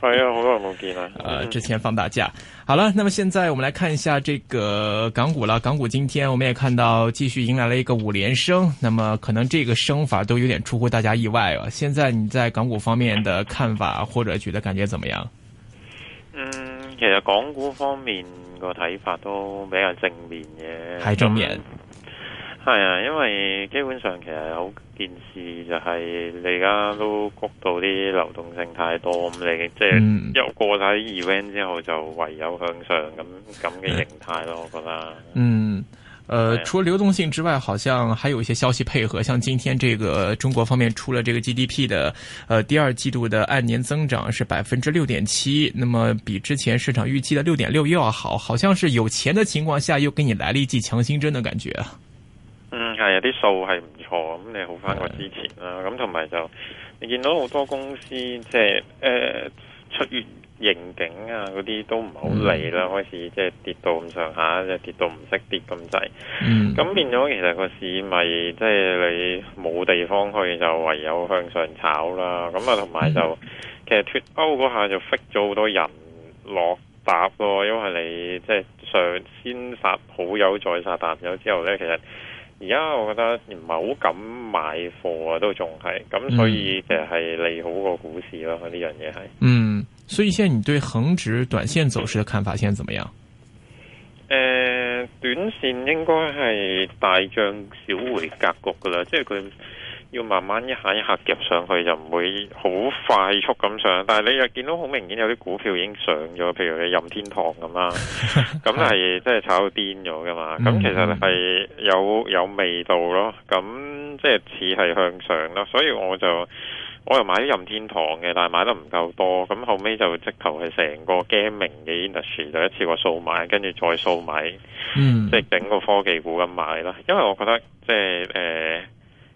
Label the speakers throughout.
Speaker 1: 係啊，好耐冇見啦！啊、嗯呃，
Speaker 2: 之前放大假，好啦，那麼現在我們來看一下這個港股啦。港股今天我們也看到繼續迎來了一個五連升，那麼可能這個升法都有點出乎大家意外啊。現在你在港股方面的看法或者覺得感覺怎麼樣？嗯，
Speaker 1: 其實港股方面個睇法都比較正面嘅，係正面。嗯係啊，因為基本上其實有件事就係你而家都谷到啲流動性太多，咁你即係又過晒 event 之後，就唯有向上咁咁嘅形態咯。我覺得，嗯，誒、呃，除
Speaker 2: 咗流動性之外，好像還有一些消息配合，像今天這個中國方面出了這個 G D P 的，誒、呃，第二季度的按年增長是百分之六點七，那麼比之前市場預期的六點六又要好，好像是有錢的情況下又給你來了一劑強心針的感覺。
Speaker 1: 嗯，係啊，啲數係唔錯咁，你好翻過之前啦。咁同埋就你見到好多公司即係誒、呃、出月應景啊，嗰啲都唔好嚟啦，嗯、開始即係跌到咁上下，即又跌到唔識跌咁滯。咁變咗其實個市咪即係你冇地方去，就唯有向上炒啦。咁啊，同埋就其實脫歐嗰下就識咗好多人落搭咯，因為你即係上先殺好友再殺淡友之後呢，其實。而家我覺得唔係好敢買貨啊，都仲係咁，嗯、所以其實係利好個股市咯。佢呢樣嘢係嗯，
Speaker 2: 所以現在你對恒指短線走勢嘅看法，現在怎麼樣？
Speaker 1: 誒、呃，短線應該係大漲小回格局噶啦，即係佢。要慢慢一下一下夾上去，就唔會好快速咁上。但係你又見到好明顯有啲股票已經上咗，譬如你任天堂咁啦，咁係即係炒到癲咗噶嘛。咁、嗯、其實係有有味道咯。咁即係似係向上咯。所以我就我又買啲任天堂嘅，但係買得唔夠多。咁後尾就直頭係成個 gaming 嘅 industry 就一次過掃買，跟住再掃買，即係、嗯、整個科技股咁買啦。因為我覺得即係誒。就是呃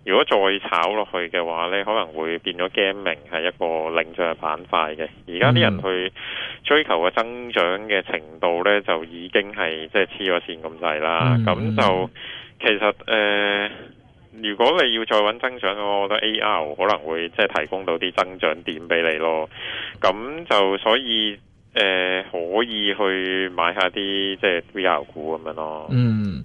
Speaker 1: 如果再炒落去嘅話咧，可能會變咗 Gaming 係一個領漲嘅板塊嘅。而家啲人去追求嘅增長嘅程度呢，嗯、就已經係即係黐咗線咁滯啦。咁、嗯、就其實誒、呃，如果你要再揾增長嘅話，我覺得 AR 可能會即係提供到啲增長點俾你咯。咁就所以誒、呃，可以去買一下啲即係 VR 股咁樣咯。嗯。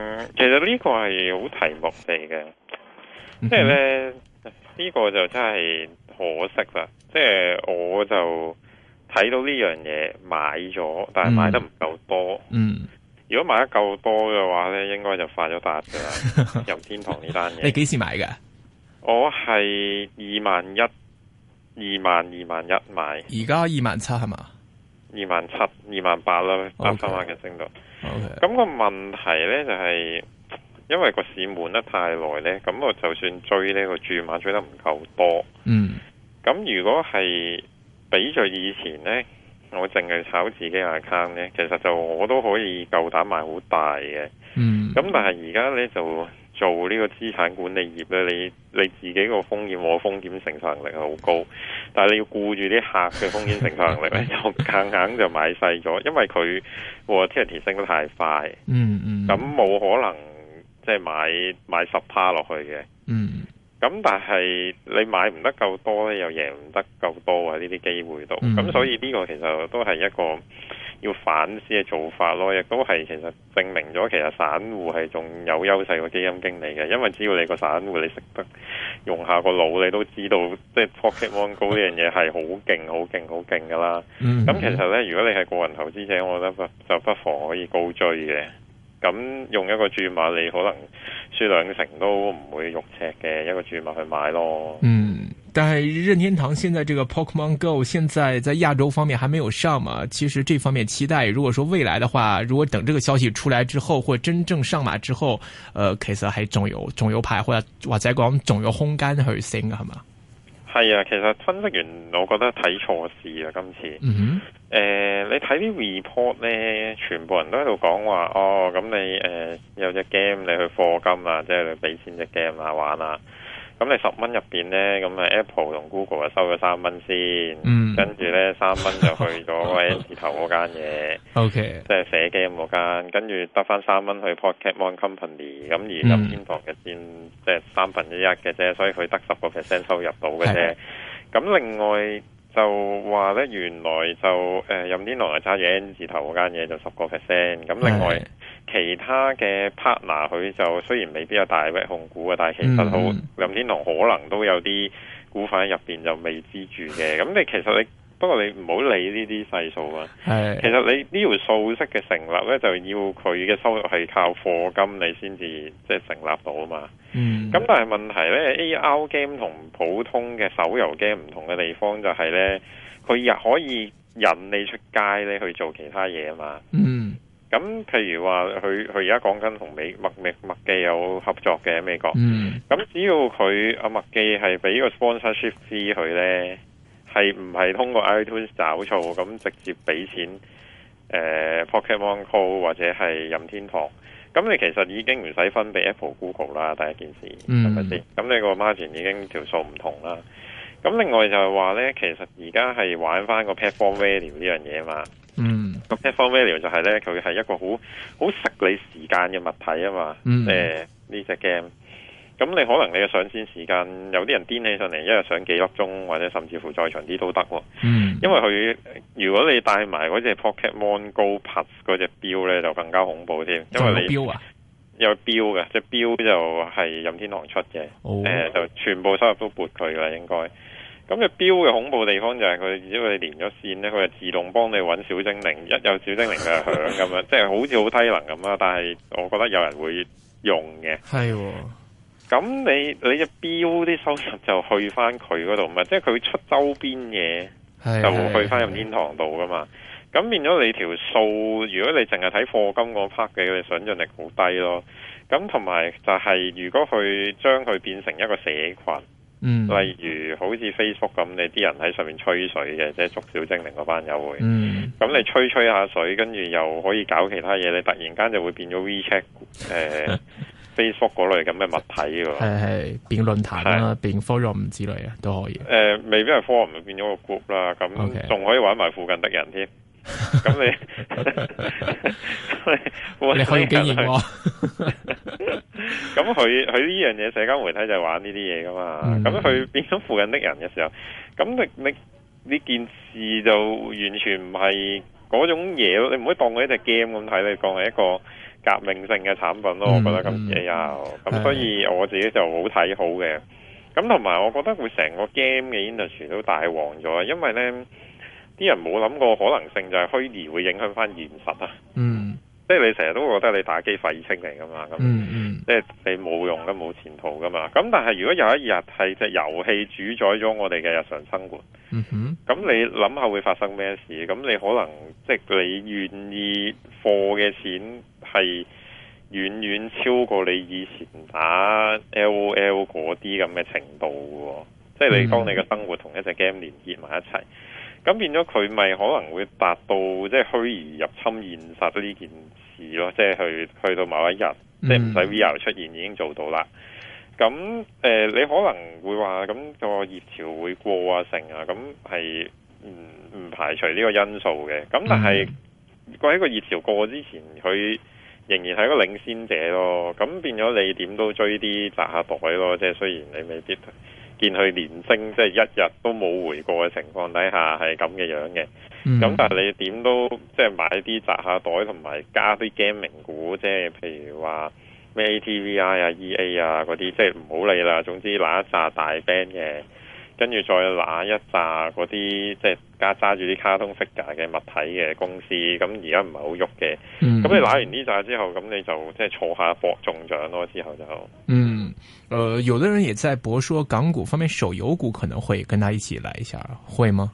Speaker 1: 其實呢個係好題目嚟嘅，即係咧呢個就真係可惜啦。即係我就睇到呢樣嘢買咗，但係買得唔夠多。嗯，嗯如果買得夠多嘅話咧，應該就發咗達噶啦。 任天堂呢單嘢， 你幾時買㗎？我係二萬一，二萬二萬一買，
Speaker 2: 而家二萬七
Speaker 1: 係嘛？二萬七、二萬八啦，三萬嘅程度。咁個問題呢，就係、是，因為個市悶得太耐呢，咁我就算追呢個注碼追得唔夠多。嗯。咁如果係比在以前呢，我淨係炒自己 account 呢，其實就我都可以夠膽買好大嘅。嗯。咁但係而家呢，就。做呢個資產管理業咧，你你自己個風險和風險承受能力係好高，但係你要顧住啲客嘅風險承受能力咧，就 硬硬就買細咗，因為佢和 volatility 升得太快，嗯嗯，咁冇可能即係買買十趴落去嘅，嗯，咁、嗯、但係你買唔得夠多咧，又贏唔得夠多啊！呢啲機會度，咁、嗯、所以呢個其實都係一個。要反思嘅做法咯，亦都係其實證明咗其實散戶係仲有優勢個基金經理嘅，因為只要你個散戶你識得用下個腦，你都知道即係 Pokemon Go 呢樣嘢係好勁好勁好勁噶啦。咁、mm hmm. 其實咧，如果你係個人投資者，我覺得不就不妨可以高追嘅。咁用一個注碼你可能輸兩成都唔會肉赤嘅一個注碼去買咯。Mm hmm.
Speaker 2: 但係任天堂現在這個 Pokemon Go 現在在亞洲方面還沒有上嘛？其實這方面期待，如果說未來的話，如果等這個消息出來之後，或真正上馬之後，呃，其實還仲有仲有排，或者話再講仲有空間去升先係嘛？
Speaker 1: 係啊，其實分析完我覺得睇錯市啊，今次。誒、mm hmm. 呃，你睇啲 report 咧，全部人都喺度講話，哦，咁你誒、呃、有隻 game 你去課金啊，即係你俾錢隻 game 啊玩啊。咁你十蚊入邊咧，咁啊 Apple 同 Google 啊收咗三蚊先，嗯、跟住咧三蚊就去咗喂字頭嗰間嘢，OK，即係寫 game 嗰間，跟住得翻三蚊去 Pokemon Company，咁而任天堂嘅先即係三分之一嘅啫，所以佢得十個 percent 收入到嘅啫，咁 另外。就話咧，原來就誒任、呃、天堂揸住 N 字頭嗰間嘢就十個 percent。咁另外的其他嘅 partner 佢就雖然未必有大握控股啊，但係其實好任、嗯、天堂可能都有啲股份喺入邊就未知住嘅。咁你其實你。不過你唔好理呢啲細數啊，的其實你呢條數式嘅成立咧，就要佢嘅收入係靠課金你先至即係成立到啊嘛。
Speaker 3: 咁、嗯、但
Speaker 1: 係問題咧，A.R. game 同普通嘅手遊 game 唔同嘅地方就係咧，佢又可以引你出街咧去做其他嘢啊嘛。咁、嗯、譬如話佢佢而家講緊同美麥麥麥記有合作嘅美國，咁、嗯、只要佢阿麥記係俾個 sponsorship fee 佢咧。係唔係通過 iTunes 找數咁直接俾錢？誒、呃、Pokemon Co 或者係任天堂，咁你其實已經唔使分俾 Apple、Google 啦，第一件事，係咪先？咁你個 margin 已經條數唔同啦。咁另外就係話咧，其實而家係玩翻個 platform value 呢樣嘢啊嘛。嗯。個 platform value 就係咧，佢係一個好好實你時間嘅物體啊嘛。誒、嗯，呢隻、呃這個、game。.咁你可能你嘅上線時間，有啲人癲起上嚟，一日上幾粒鐘或者甚至乎再長啲都得喎。嗯，因為佢如果你帶埋嗰隻 Pokémon Go Plus 嗰隻表咧，就更加恐怖添。因為你有
Speaker 3: 表
Speaker 1: 啊？有表嘅，即係表就係任天堂出嘅，誒、oh 呃，就全部收入都撥佢啦，應該。咁嘅表嘅恐怖地方就係、是、佢，只因為連咗線咧，佢就自動幫你搵小精靈， 一有小精靈嘅響咁樣，即係好似好低能咁啦。但係我覺得有人會用嘅，係。 咁你你只標啲收入就去翻佢嗰度嘛？即係佢出周邊嘢就去翻入天堂度噶嘛？咁變咗你條數，如果你淨係睇貨金嗰 part 嘅，你想像力好低咯。咁同埋就係如果去將佢變成一個社群，嗯、例如好似 Facebook 咁，你啲人喺上面吹水嘅，即係捉小精靈嗰班友會，咁、嗯、你吹吹下水，跟住又可以搞其他嘢，你突然間就會變咗 WeChat 誒、呃。 Facebook 嗰類咁嘅物體，係係變論壇啦，
Speaker 2: 變的 forum 之類嘅都可以。
Speaker 1: 誒、呃，未必係 forum 變咗個 group 啦，咁仲可以玩埋附近的人添。咁 Okay. 你你可以經驗我咁佢佢呢樣嘢社交媒體就係玩呢啲嘢噶嘛？咁佢、mm hmm. 變咗附近的人嘅時候，咁你你呢件事就完全唔係嗰種嘢咯。你唔可以當佢一隻 game 咁睇，你講係一個革命性嘅產品咯，嗯嗯、我覺得咁嘢有，咁、嗯、所以我自己就好睇好嘅。咁同埋，我覺得會成個 game 嘅 industry 都大旺咗，因為咧啲人冇諗過可能性就係虛擬會影響翻現實啊。嗯。即係你成日都覺得你打機廢青嚟噶嘛，咁、mm hmm. 即係你冇用噶，冇前途噶嘛。咁但係如果有一日係隻遊戲主宰咗我哋嘅日常生活，咁、mm hmm. 你諗下會發生咩事？咁你可能即係你願意貨嘅錢係遠遠超過你以前打 LOL 嗰啲咁嘅程度、哦，mm hmm. 即係你當你嘅生活同一隻 game 連結埋一齊。咁變咗佢咪可能會達到即係虛擬入侵現實呢件事咯，即係去去到某一日，即係唔使 VR 出現已經做到啦。咁誒，你可能會話咁個熱潮會過啊成啊，咁係唔唔排除呢個因素嘅。咁但係喺個熱潮過之前，佢仍然係一個領先者咯。咁變咗你點都追啲擲下袋咯，即係雖然你未必。見佢連升，即、就、係、是、一日都冇回過嘅情況底下係咁嘅樣嘅。
Speaker 3: 咁、嗯、但係
Speaker 1: 你點都即係、就是、買啲砸下袋，同埋加啲 gaming 股，即、就、係、是、譬如話咩 ATVI 啊、EA 啊嗰啲，即係唔好理啦。總之嗱一紮大 band 嘅，跟住再嗱一紮嗰啲即係加揸住啲卡通 figure 嘅物體嘅公司，咁而家唔係好喐嘅。咁、嗯、你嗱完呢紮之後，咁你就即係、就是、坐下搏中獎咯。之後就嗯。
Speaker 2: 呃，有的人也在博說港股方面，手遊股可能會跟他一起來一下，會嗎？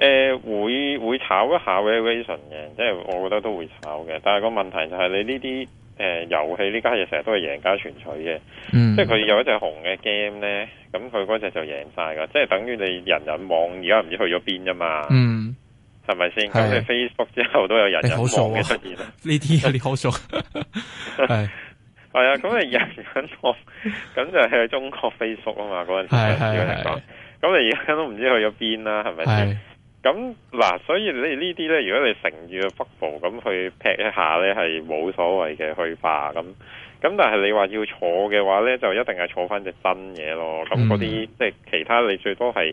Speaker 1: 誒、呃，會會炒一下 v 嘅，即係我覺得都會炒嘅。但係個問題就係你呢啲誒遊戲呢家嘢成日都係贏家全取嘅，嗯、即係佢有一隻紅嘅 game 咧，咁佢嗰隻就贏晒噶，即係等於你人人網而家唔知去咗邊啊嘛，係咪先？咁你 Facebook 之後都有人人網嘅出現啦，呢啲有你
Speaker 2: 好熟係、哦。
Speaker 1: 係啊，咁你 人喺我，咁就去中國 Facebook 啊嘛，嗰陣時喺香港。咁 你而家都唔知去咗邊啦，係咪先？咁嗱とと，所以你呢啲咧，如果你，你乘住個瀑布咁去劈一下咧，係冇所謂嘅去化咁。咁但係你話要坐嘅話咧，就一定係坐翻隻真嘢咯。咁嗰啲即係其他，你最多係。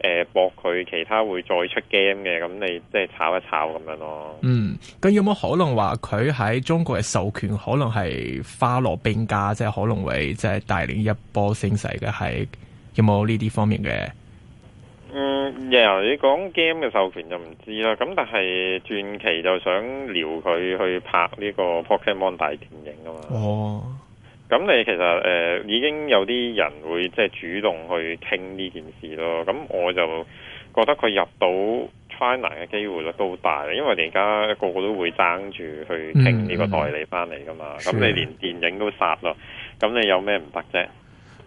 Speaker 1: 誒，搏佢其他會再出 game 嘅，咁你即係炒一炒咁樣咯。嗯，
Speaker 2: 咁有冇可能話佢喺中國嘅授權可能係花落別家，即係可能會即係帶領一波升勢嘅？係有冇呢啲方面嘅？
Speaker 1: 嗯，你講 game 嘅授權就唔知啦。咁但係傳奇就想撩佢去拍呢個 Pokemon 大電影啊嘛。哦。咁你其實誒、呃、已經有啲人會即係主動去傾呢件事咯，咁我就覺得佢入到 China 嘅機會率都好大嘅，因為你而家個個都會爭住去傾呢個代理翻嚟噶嘛，咁、嗯嗯、你連電影都殺咯，咁的你有咩唔得啫？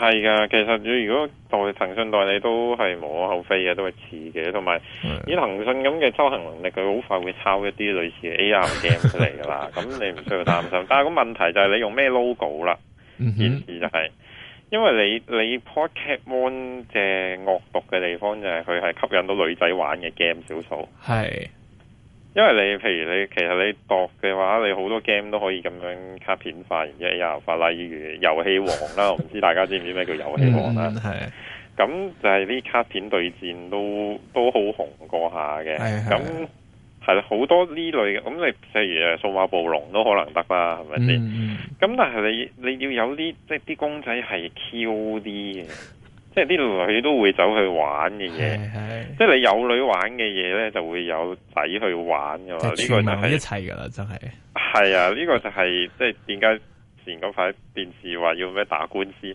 Speaker 1: 係噶，其實如果代騰訊代理都係無可厚非嘅，都係似嘅。同埋的以騰訊咁嘅執行能力，佢好快會抄一啲類似 AR game 出嚟噶啦。咁 你唔需要擔心。但係個問題就係你用咩 logo 啦？
Speaker 3: 件事、嗯、
Speaker 1: 哼就係、是，因為你你 Pokemon 嘅惡毒嘅地方就係佢係吸引到女仔玩嘅 game 少數。係。因為你譬如你其實你度嘅話，你好多 game 都可以咁樣卡片化，或者遊化。例如遊戲王啦，我唔知大家知唔知咩叫遊戲王啦。係咁、嗯、就係啲卡片對戰都都好紅過下嘅。係係的。咁係啦，好多呢類嘅，咁你譬如誒數碼暴龍都可能得啦，係咪先？咁、嗯、但係你你要有啲即係啲公仔係 Q 啲嘅。即係啲女都會走去玩嘅嘢是，即係你有女玩嘅嘢咧，就會有仔去玩嘅嘛。呢個係
Speaker 2: 一齊噶啦，真係。
Speaker 1: 係啊，呢個就係即係點解前嗰排電視話要咩打官司，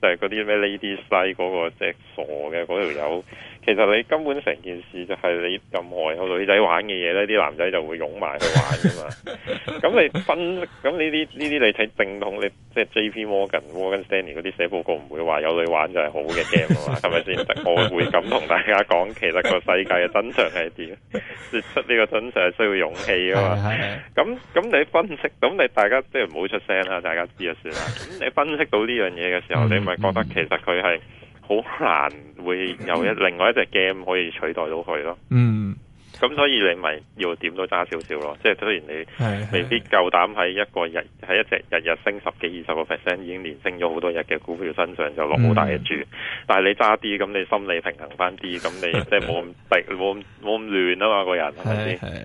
Speaker 1: 就係嗰啲咩 Lady 西嗰個即傻嘅嗰條友。 其實你根本成件事就係你任何有女仔玩嘅嘢咧，啲男仔就會擁埋去玩噶嘛。咁你分咁呢啲呢啲，你睇正統，你即係 J.P. Morgan、Morgan Stanley 嗰啲寫報告唔會話有女玩就係好嘅 game 啊嘛，係咪先？我會咁同大家講，其實個世界嘅真相係點？ 說出呢個真相係需要勇氣啊嘛。咁咁 你分析，咁你大家即係唔好出聲啦，大家知就住啦。咁你分析到呢樣嘢嘅時候， 你咪覺得其實佢係。好難會有一另外一隻 game 可以取代到佢咯。嗯，咁所以你咪要點都揸少少咯。即係雖然你係未必夠膽喺一個日喺一隻日日升十幾二十個 percent 已經連升咗好多日嘅股票身上就落好大嘅注，嗯、但係你揸啲咁你心理平衡翻啲，咁你即係冇咁突冇咁冇咁亂啊嘛，個人係咪先？ 係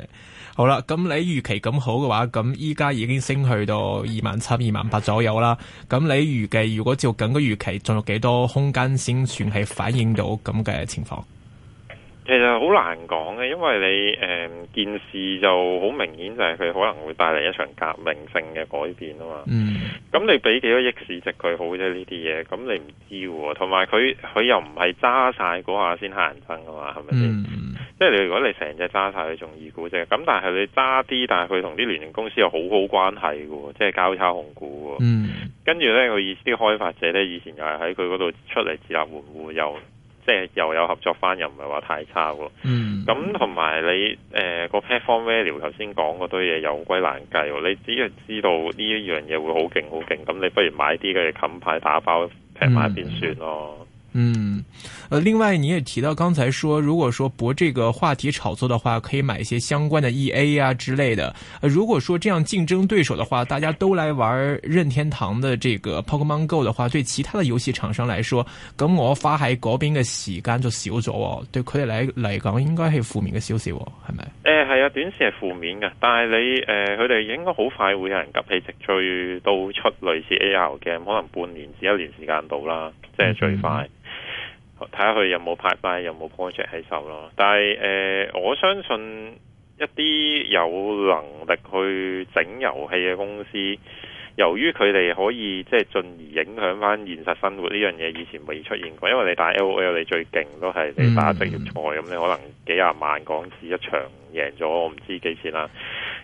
Speaker 2: 好啦，咁你預期咁好嘅話，咁依家已經升去到二萬七、二萬八左右啦。咁你預計如果照緊個預期，仲有幾多空間先算係反映到咁嘅情況？
Speaker 1: 其實好難講嘅，因為你誒、呃、件事就好明顯就係佢可能會帶嚟一場革命性嘅改變啊嘛。嗯。咁你俾幾多億市值佢好啫？呢啲嘢，咁你唔知喎。同埋佢佢又唔係揸晒嗰下先行人真噶嘛？係咪先？嗯即係你，如果你成隻揸晒，佢仲易估啫，咁但係你揸啲，但係佢同啲聯營公司又好好關係嘅喎，即係交叉控股。嗯。跟住咧，佢意思啲開發者咧，以前又係喺佢嗰度出嚟自立門戶，又即係又有合作翻，又唔係話太差喎。嗯。咁同埋你誒個 Platform Value 頭先講嗰堆嘢又好鬼難計喎，你只要知道呢一樣嘢會好勁好勁，咁你不如買啲嘅冚牌打包劈埋一邊算咯。嗯嗯
Speaker 2: 嗯、呃，另外你也提到剛才說，如果說博這個話題炒作的話，可以買一些相關的 EA 啊之類的。呃、如果說這樣競爭對手的話，大家都來玩任天堂的這個 Pokemon Go 的話，對其他的遊戲廠商來說，咁我發喺嗰邊嘅時間就少咗，哦，對佢哋嚟嚟講應該係負面嘅消息，係
Speaker 1: 咪？誒係啊，短時係負面嘅，但係你誒，佢哋應該好快會有人急起直追，到出類似 AR 嘅，可能半年至一年時間到啦，即係最快。睇下佢有冇拍賣， 有冇 project 喺手咯。但係誒、呃、我相信一啲有能力去整遊戲嘅公司，由於佢哋可以即係進而影響翻現實生活呢樣嘢，以前未出現過，因為你打 L.O.L. 你最勁都係你打職業賽咁、嗯、你可能幾廿萬港紙一場贏咗，我唔知幾錢啦。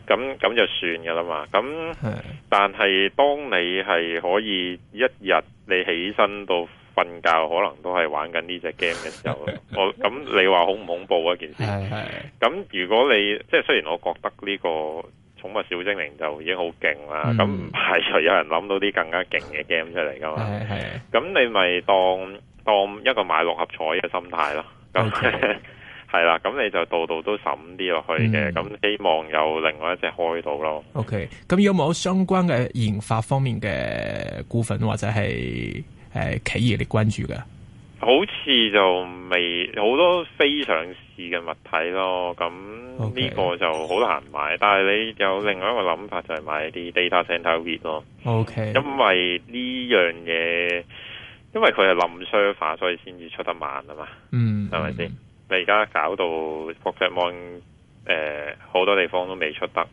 Speaker 1: 咁咁就算嘅啦嘛。咁的但係當你係可以一日你起身到。瞓覺可能都係玩緊呢隻 game 嘅時候， 我咁你話恐唔恐怖啊？件事，咁如果你即係雖然我覺得呢個寵物小精靈就已經好勁啦，咁唔排除有人諗到啲更加勁嘅 game 出嚟噶嘛。咁、嗯嗯嗯、你咪當當一個買六合彩嘅心態咯，咁係啦，咁你就度度都審啲落去嘅，咁、嗯、希望有另外一隻開到咯。
Speaker 2: OK，咁有冇相關嘅研發方面嘅股份或者係？誒、呃，企業嚟關注嘅，
Speaker 1: 好似就未好多非上市嘅物體咯，咁呢個就好難買。但係你有另外一個諗法，就係買啲 data center 咯。OK，因為呢樣嘢，因為佢係冧 server 化，所以先至出得慢啊嘛。嗯，係咪先？嗯、你而家搞到 Pokemon 誒，好多地方都未出得。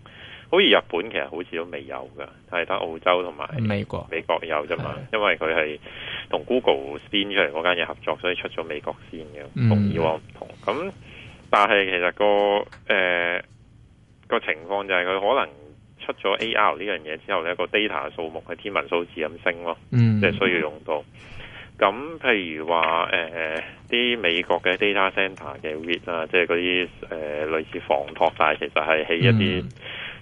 Speaker 1: 好似日本其實好似都未有嘅，係得澳洲同埋美國美國有啫嘛，的因為佢係同 Google send 出嚟嗰間嘢合作，所以出咗美國先嘅，嗯、同以往唔同。咁但係其實個誒、呃、個情況就係佢可能出咗 AR 呢樣嘢之後咧，個 data 嘅數目係天文數字咁升咯，即係、嗯、需要用到。咁譬如話誒啲美國嘅 data center 嘅 REIT 啊，即係嗰啲誒類似房託，但係其實係起一啲。嗯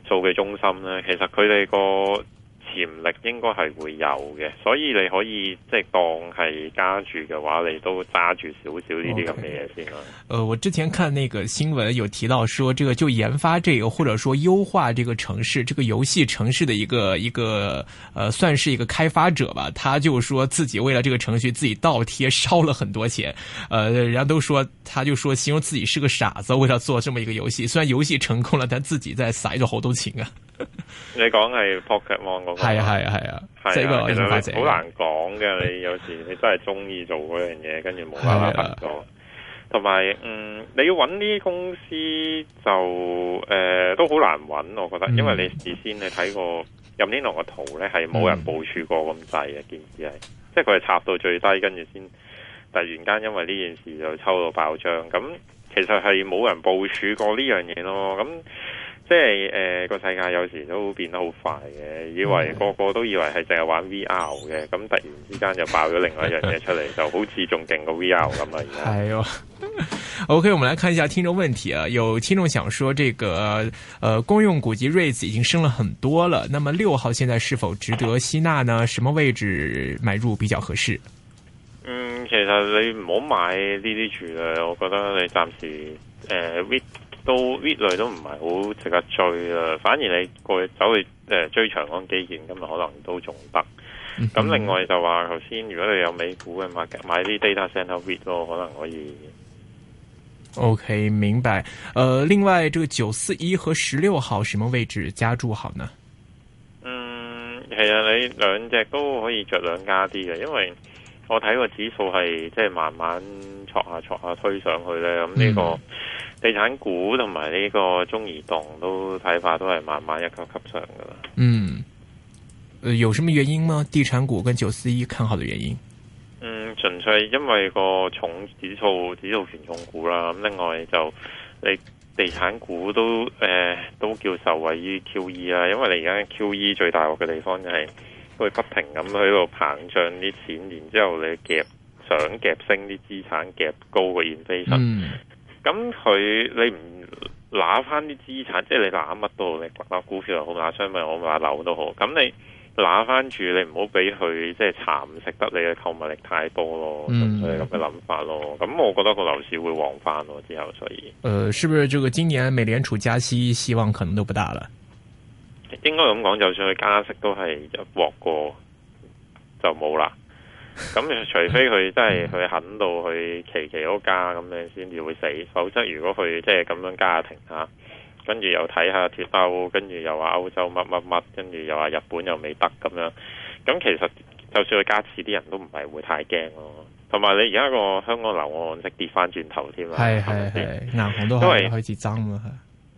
Speaker 1: 做嘅中心咧，其實佢哋個。潛力應該係會有嘅，所以你可以即係當係揸住嘅話，你都揸住少少呢啲咁嘅嘢
Speaker 2: 先啦。誒、Okay. 呃，我之前看那個新聞有提到說，說這個就研發這個，或者說優化這個城市，這個遊戲城市嘅一個一個，誒、呃，算是一個開發者吧。他就說自己為了這個程序，自己倒貼燒了很多錢。誒、呃，人家都說，他就說形容自己係個傻子，為咗做咁樣一個遊戲。雖然遊戲成功了，但自己在嘥咗好多錢啊。
Speaker 1: 你講係 Pokemon 嗰，那個係啊，係啊，係啊，即係呢個好難講嘅。 你有時你真係中意做嗰樣嘢，跟住冇辦法做。同埋，啊，嗯，你要搵呢啲公司就誒、呃、都好難搵，我覺得，因為你事先你睇過、嗯、任天堂嘅圖咧，係冇人部署過咁滯嘅件事係，即係佢係插到最低，跟住先突然間因為呢件事就抽到爆漲。咁其實係冇人部署過呢樣嘢咯。咁。即係誒，個、呃、世界有時都變得好快嘅，以為個個都以為係淨係玩 VR 嘅，咁突然之間就爆咗另外一樣嘢出嚟， 就好似仲勁過 VR 咁啦。係啊
Speaker 2: ，OK，我們來看一下聽眾問題啊。有聽眾想說，這個誒、呃、公用股及 REITs 已經升了很多了，那麼六號現在是否值得吸納呢？什麼位置買入比較合適？
Speaker 1: 嗯，其實你唔好買呢啲住嘅，我覺得你暫時誒。呃都 REIT 類都唔係好值得追啦，反而你過去走去誒、呃、追長安基建，今日可能都仲得。咁、嗯、哼另外就話頭先，如果你有美股嘅，買買啲 Data Center REIT 咯，可能可以。
Speaker 2: O、okay, K，明白。誒、呃，另外，這個九四一和十六號什麼位置加注好呢？嗯，
Speaker 1: 其實，你兩隻都可以着兩加啲嘅，因為我睇個指數係即係慢慢戳下戳下，下推上去咧，咁呢個。嗯地產股同埋呢個中移動都睇法都係慢慢一級級上噶啦。嗯，
Speaker 2: 誒，有什麼原因嗎？地產股跟九四一看好的原因？嗯，
Speaker 1: 純粹因為個重指數指數權重股啦。咁另外就你地產股都誒、呃、都叫受惠於 QE 啦。因為你而家 QE 最大鑊嘅地方就係會不停咁喺度膨脹啲錢，然之後你夾想夾升啲資產夾高個 inflation 咁佢你唔攞翻啲資產，即係你攞乜都拿好，攞股票又好，攞商品我買樓都好。咁你攞翻住，你唔好俾佢即係蠶食得你嘅購物力太多咯。咁嘅諗法咯。咁我覺得個樓市會旺翻咯之後，所以。
Speaker 2: 誒、呃，是不是這個今年美聯儲加息希望可能都不大
Speaker 1: 了？應該咁講，就算佢加息都係一鑊過就冇啦。咁除非佢真係去狠到去期期都加咁樣，先至會死。否則如果佢即係咁樣加停吓，跟住又睇下脫歐，跟住又話歐洲乜乜乜，跟住又話日本又未得咁樣。咁其實就算佢加次，啲人都唔係會太驚咯。同埋你而家個香港樓按息跌翻轉頭添啊，係係係，
Speaker 2: 銀、嗯、行都因為開始爭啦，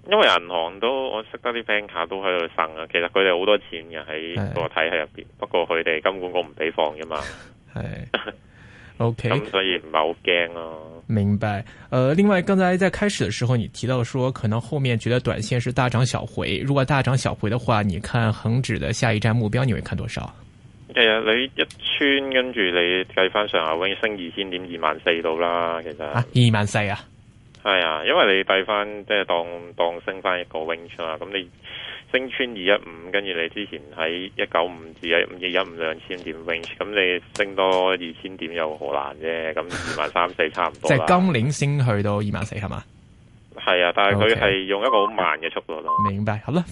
Speaker 1: 因為銀行都我識得啲 bank 卡都喺度盛啊。其實佢哋好多錢嘅喺個體系入邊，不過佢哋金管局唔俾放噶嘛。 誒 ，OK，咁所以唔係好驚咯，
Speaker 2: 啊。明白，誒、呃，另外，剛才在開始嘅時候，你提到說可能後面覺得短線是大漲小回。如果大漲小回的話，你看恒指的下一站目標，你會看多少？
Speaker 1: 誒、嗯，你一穿跟住你計翻上下，我永遠升二千點二萬四到啦。其實
Speaker 2: 二萬四啊，
Speaker 1: 係啊，啊，因為你計翻即係當當升翻一個 wing 出啦，咁你。升穿二一五，跟住你之前喺一九五至一五二一五兩千點 range 咁你升多二千點又好難啫？咁二萬三四差唔多。即係今
Speaker 2: 年先去到二萬四係嘛？
Speaker 1: 係啊，但係佢係用一個好慢嘅速度咯。
Speaker 2: Okay. 明白，好啦。